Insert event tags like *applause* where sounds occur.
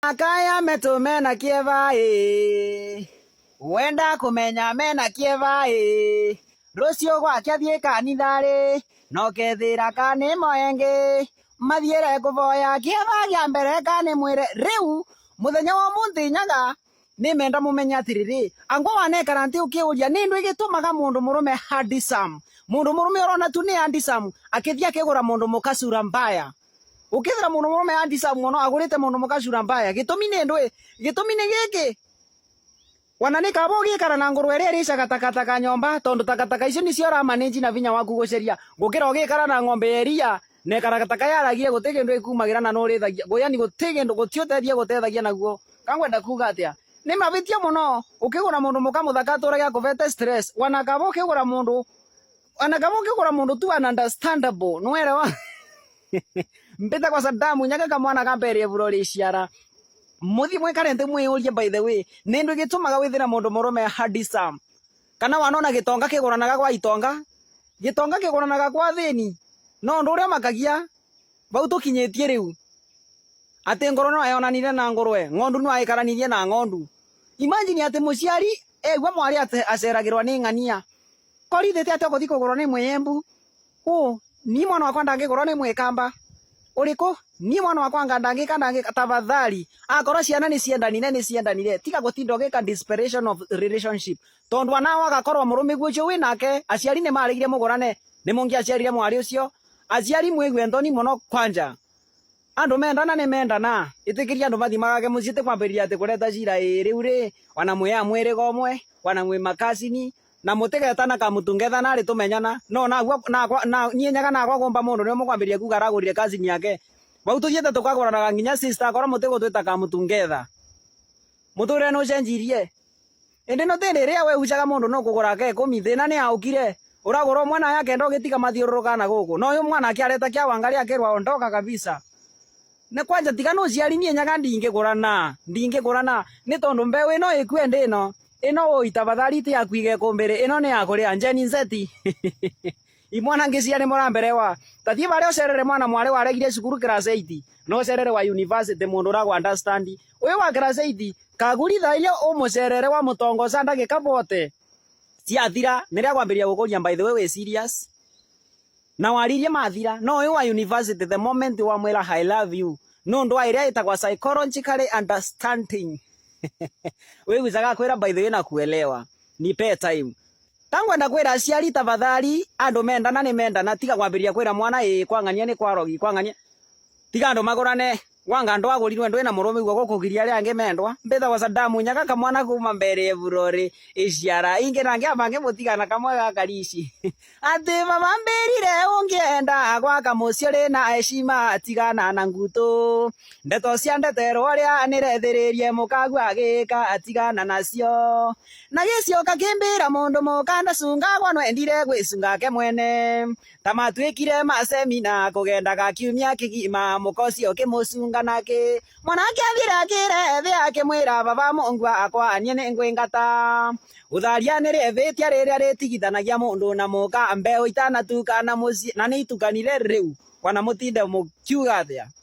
Akaya metu mena kieva wenda kumenya mena kieva ĩ rũciũ gwake athiĩ kanitharĩ no kethĩra kanĩmo engĩ mathiĩre kũvoya kieva gĩa mbere kanĩmwĩre rĩu mũthenya wa ũmũthĩ nyaga nimenda mũmenye atĩrĩrĩ angwa wanekana ntĩ ũkĩũria nĩ indo igĩtũmaga mũndũ mũrũme handsome mũndũ mũrũme ũrona tu nĩ handsome akĩthiĩ akĩgũra mũndũ mũka mbaya ukithira muno muno sa muno agurite muno mukashura mbaya gitumi ni ndwi gitumi ni giki wana ni kabo gikara na eri iria iricaga takataka nyomba tondu takataka icio nicio uramanĩnji na vinya waku guceria gukira ugikara na ng'ombe iria na ĩkaragataga yaragia gũtirĩ kĩndũ ĩkumagĩra na nũrĩthagia yani gũtirĩ kĩndũ gũtiũteithia gũteithagia naguo kangwenda kuga atĩa nĩ mavĩtia mũno ũkĩgũra mũndũ mũkamũthaka atũrage kuvete stress wanakaba mundu mũndũ wanakaba ũkĩgũra mundu tu an understandable nĩwerewa *laughs* mbite kwa Sadamu nyaga kamwana kamberie burori ciara muthi mwikare nthi mwiyurie by the way ni ndu gitumaga withira mundu murume hadisa kana wanona gitonga kiguranaga kwa itonga gitonga kiguranaga kwa thini no ndu uria makagia bau tukinyitie riu ati ngoro no ayonanire na ngorwe ngondu no aikaranirie na ngondu imagine ati muciari egwa mwari ate aceragirwa ni ng'ania korithite ati uguthi kugurwo ni mwiyembu uu ni mwana wakwa ndangikorwo ni mwikamba uriku ni mwana wakwa ngandangika ndangika ndangika tavathari akorwo ciana ni ciendanire ni ciendanire tiga gutinda ugika desperation of relationship tondu ana wagakorwo murume gucio wi winake aciari ni marigire mugurane ni mungi mungiaciarire mwari ucio aciari mwigue thoni muno kwanja andu mendana ni mendana itikiria andu mathimagage muciite kwambiriria ati kureta cira ii riu ri wana mwia mwiriga umwe wana mwi makasini na mutigethana kamutungethana ri tumenyana no nagua na nyenyaga nagwa gomba mundu ni mukwambiria kuga aragurire kazi nyake vau tuthiete tukaguranaga nginya sister akora mutigutwita kamutungetha muturire ni ucenjirie indi no tindi ria we ucaga mundu no kugura ke kumi thina ni aukire uragura mwana yake ndo gitiga mathiururukana guku no uyu mwana akiareta kia wangari akirwa ondoka kabisa nä kwanja tiga nä å ciari niä nyaga ndingä gå rana ndingä gå rana nä tondå mbeå ä no ä kue ndä no ino uita ti akuige igekumbiri ino ni yakuria njeni nzeti *laughs* imwana ngiciari mora mbere wa tathie baria ucerere mwana mwari waregire cukuru class 8 no ucerere wa university mundu uragwa understand uyu wa class 8 kagurithaine umucerere wa mutongoca ndagika bote ciathira niria gwambiria gukuria by the way we serious na waririe mathira no uyu wa university the moment wa wamwira i love you no ndo airia itagwa psychological understanding wigwcagaa kwira bithe wina kuelewa ni pa time ta ngwenda kwira ciari ta bathari andu mendana ni mendana tigagwambiriria kwira mwana ii kwangania ni kwaragi kwangania tiga andu magurane wanga ndo agorirwe ndo ina murume gwa gukugiria ri ange mendwa mbithawa Sadamu nyaga kamwana kuma mbere ya e burori iciara inge nange abange mutigana kamwe gakarici *laughs* ati mama mbirire ungienda gwaka mucio ri na heshima tigana na ngutu ndeto cia ndeterwo ria nirethiririe mukagu agika atigana nacio na gicioka kimbira mundu mukanda cungagwa nwendire gwicunga ke mwene ta matwikire masemina kugendaga kiumia kigima mukocio kimucunga nake mwanake athirakire thä akimwira baba Mungu akwa nie nä ngwingata utharia ni rä riria rä mundu a rä tigithanagia må ndå na må mbeå itanatuka na nä itukanire rä u wana må tinde